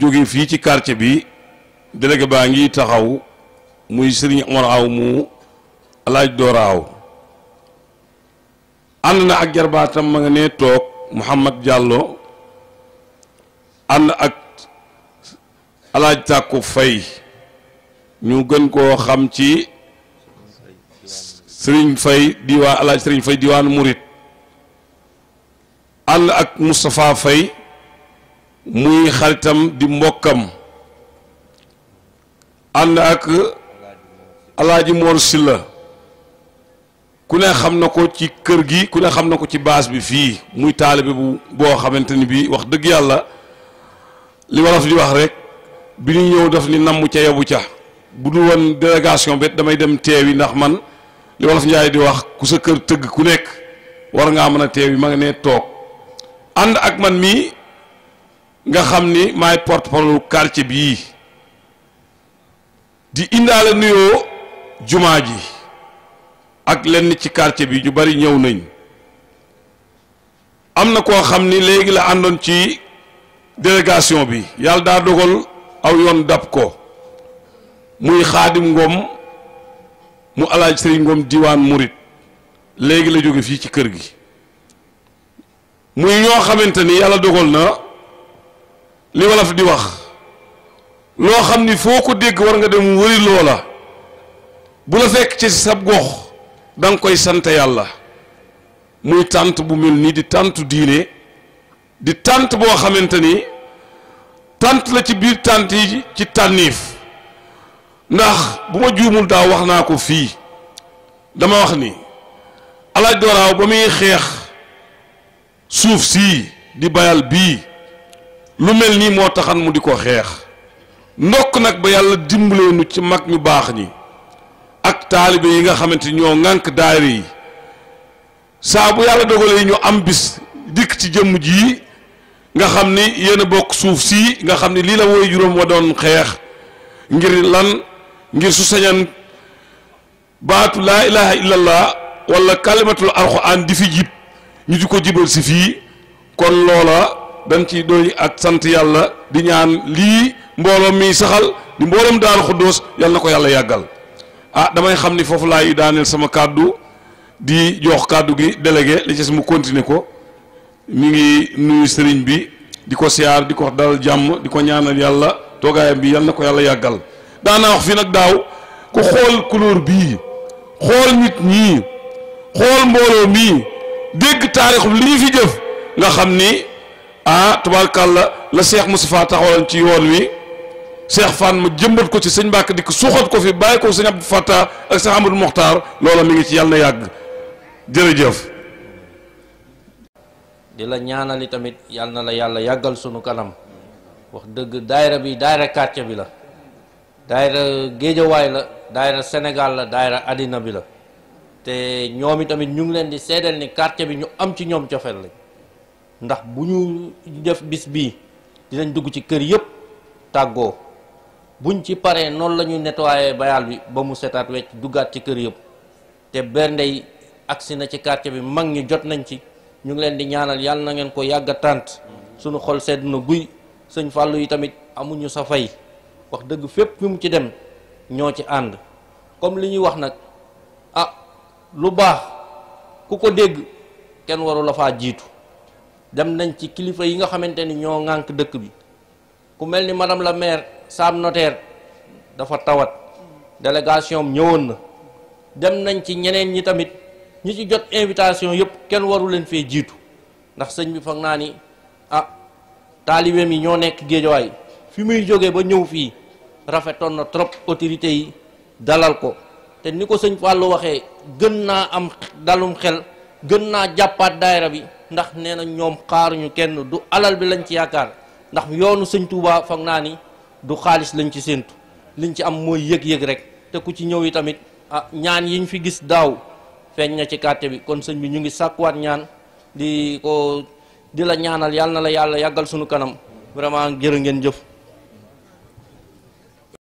jógee fii ci quartier bi délégué baa ngi taxaw muy sëriñ Omar Aw mu alaaj Doora ànd na ak jarbaatam ma nga ne toog Mouhamad jàllo ànd ak alaaj Tàkku Fay ñu gën koo xam ci sëriñ Fay diwaan alaaj sëriñ Fay diwaan Murit ànd ak Moustapha Fay muy xaritam di mbokkam ànd ak alaaji Mor la ku ne xam na ko ci kër gi ku ne xam na ko ci baas bi fii muy taalibe bu boo xamante ni bii wax dëgg yàlla li wolof di wax rek bi ñu ñëw daf ni namm ca yabu ca bu dul woon délégation bet damay dem yi ndax man li wolof njaay di wax ku sa kër tëgg ku nekk war ngaa mën a teewi ma nga ne toog ànd ak man mii nga xam ni maay porte parole quartier bii di indaale nuyoo jumaa ji ak lenn ci quartier bi ñu bari ñëw nañu am na koo xam ni léegi la àndoon ci délégation bi yàlla daa dogal aw yoon dab ko muy xaadim ngoom mu alaaj sëriñ ngoom diwaan murit léegi la jóge fii ci kër gi muy ñoo xamante ni yàlla dogal na li wolof di wax loo xam ni foo ko dégg war nga dem wëri loola bu la fekk ci sab gox da koy sant yàlla muy tànt bu mel nii di tàntu diine di tànt boo xamante ni tànt la ci biir tànt yi ci tànniif ndax bu ma juumul daa wax naa ko fii dama wax ni alaaj dooraaw ba muy xeex suuf sii di bayal bii lu mel nii moo taxan mu di ko xeex ndokk nag ba yàlla dimbaleenu ci mag ñu baax ñi ak taalibe yi nga xamante ñoo ŋànk daayira yi saa bu yàlla dogalee ñu am bis dikk ci jëmm ji nga xam ni yenn a bokk suuf sii nga xam ni lii la woy juróom wa doon xeex ngir lan ngir su sañan baatu laa ilaha illallah wala kalimatul alquran di fi jib ñu di ko jibal si fii kon loola dañ ciy doy ak sant yàlla di ñaan lii mbooloom mi saxal di mbooloom daaru xuddoos yàlla na ko yàlla yàggal ah damay xam ni foofu laay daaneel sama kàddu di jox kàddu gi délégué li ci mu continuer ko mu ngi nuyu sëriñ bi di ko siyaar di ko dalal jàmm di ko ñaanal yàlla toogaayam bi yàlla na ko yàlla yàggal daanaa wax fii nag daaw ku xool couleur bii xool nit ñii xool mbooloo mii dégg taarixu li fi jëf nga xam ni ah tubaarkàlla la seex Moustapha taxawaloon ci yoon wi seex Fane ma jëmbat ko ci sëñ Mbàkke di ko suuxat ko fi bàyyi ko sëñ Abdou Fattah ak sëñ Amadou Mokhtar loola mi ngi ci yàlla na yàgg jërëjëf. di la ñaanali tamit yàlla na la yàlla yàggal sunu kanam wax dëgg daayira bi daayira quartier bi la daayira géejawaay la daayira Sénégal la daayira àddina bi la te ñoom tamit ñu ngi leen di seedeel ni quartier bi ñu am ci ñoom cofeel lañ ndax bu ñu def bis bi dinañ dugg ci kër yëpp tàggoo buñ ci paree noonu lañuy ñuy nettoyé bayaal bi ba mu setaat wecc duggaat ci kër yëpp te berndey agsi na ci quartier bi mag ñi jot nañ ci ñu ngi leen di ñaanal yàlla na ngeen ko yàgg tànt suñu xol sedd na guy sëñ fàll yi tamit amuñu sa fay wax dëgg fépp fi ci dem ñoo ci ànd comme li ñuy wax nag ah lu baax ku ko dégg kenn waru la faa jiitu dem nañ ci kilifa yi nga xamante ni ñoo ŋànk dëkk bi ku mel ni madame la maire Sam Notaire dafa tawat délégation am ñëwoon na dem nañ ci ñeneen ñi tamit ñi ci jot invitation yëpp kenn waru leen fee jiitu ndax sëñ bi foog naa ni ah taalibeem yi ñoo nekk géejawaay fi muy jóge ba ñëw fii rafetoon na trop autorité yi dalal ko te ni ko sëñ Fallou waxee gën naa am dalum xel gën naa jàppaat daayira bi ndax nee na ñoom xaaruñu kenn du alal bi lañ ci yaakaar ndax yoonu sëñ Touba foog naa ni du xaalis lañ ci séentu liñ ci am mooy yëg-yëg rek te ku ci ñëw yi tamit ah ñaan yi ñu fi gis daaw feeñ na ci quartier bi kon sëñ bi ñu ngi sàkkuwaat ñaan di ko di la ñaanal yàlla na la yàlla yàggal sunu kanam vraiment jërë ngeen jëf